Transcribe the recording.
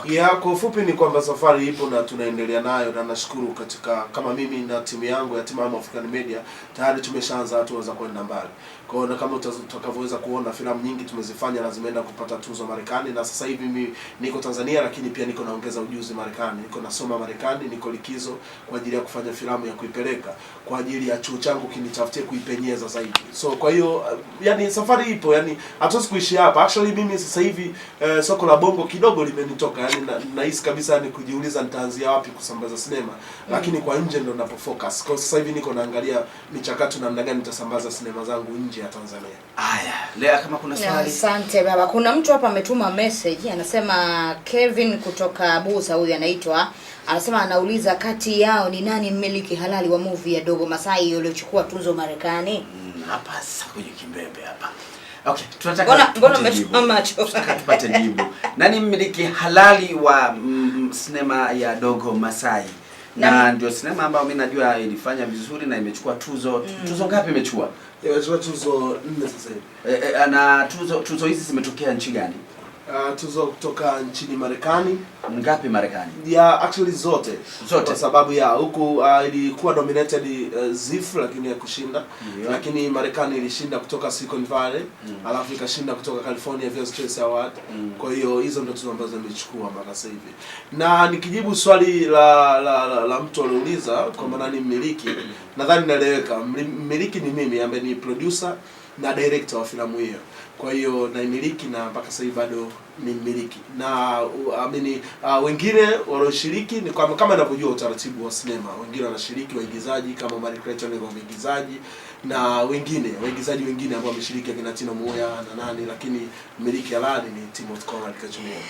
Okay. Ya kwa ufupi ni kwamba safari ipo na tunaendelea nayo, na nashukuru katika kama mimi na timu yangu ya Timamu African Media tayari tumeshaanza hatua za kwenda mbali. Kwa hiyo kama utakavyoweza kuona filamu nyingi tumezifanya na zimeenda kupata tuzo Marekani, na sasa hivi mimi niko Tanzania, lakini pia niko naongeza ujuzi Marekani, niko nasoma Marekani, niko likizo kwa ajili ya kufanya filamu ya kuipeleka kwa ajili ya chuo changu kinitafutie kuipenyeza zaidi. So kwa hiyo yani safari ipo, yani hatuwezi kuishi hapa. Actually mimi sasa hivi eh, soko la bongo kidogo limenitoka yani nahisi na kabisa ni kujiuliza nitaanzia wapi kusambaza sinema mm. Lakini kwa nje ndo ninapofocus kwa sasa hivi, niko naangalia michakato namna gani nitasambaza sinema zangu nje ya Tanzania. Haya, Lea, kama kuna swali. Asante baba. Kuna mtu hapa ametuma message anasema, Kevin kutoka Abu Saudi anaitwa anasema anauliza kati yao ni nani mmiliki halali wa movie ya Dogo Masai iliyochukua tuzo Marekani? Mm, hapa sasa kwenye kimbembe hapa Okay, mbona macho. tupate jibu. Nani mmiliki halali wa mm, sinema ya Dogo Masai? Na, na ndio sinema ambayo mimi najua ilifanya vizuri na imechukua tuzo. Mm. Tuzo ngapi imechukua? Imechukua tuzo nne sasa hivi. E, e, na tuzo tuzo hizi zimetokea nchi gani? Uh, tuzo kutoka nchini Marekani. Ngapi Marekani? Yeah, actually zote zote, kwa sababu ya huku uh, ilikuwa dominated uh, ZIF lakini ya kushinda. Yeah. lakini Marekani ilishinda kutoka Silicon Valley mm. alafu ikashinda kutoka California Viewers Choice Award mm. kwa hiyo hizo ndio tuzo ambazo nimechukua mpaka sasa hivi, na nikijibu swali la la, la, la mtu aliuliza kwa maana ni mmiliki, nadhani naeleweka. Mmiliki ni mimi ambaye ni producer na director wa filamu hiyo. Kwa hiyo naimiliki na mpaka sasa bado ni mmiliki na amini. Uh, uh, wengine wanaoshiriki ni kama kama ninavyojua utaratibu wa sinema, wengine wanashiriki waigizaji kama Mary Clayton ni mwigizaji na wengine waigizaji wengine ambao wameshiriki akina Tino Moya na nani, lakini mmiliki halali ni Timothy Conrad Kachemia.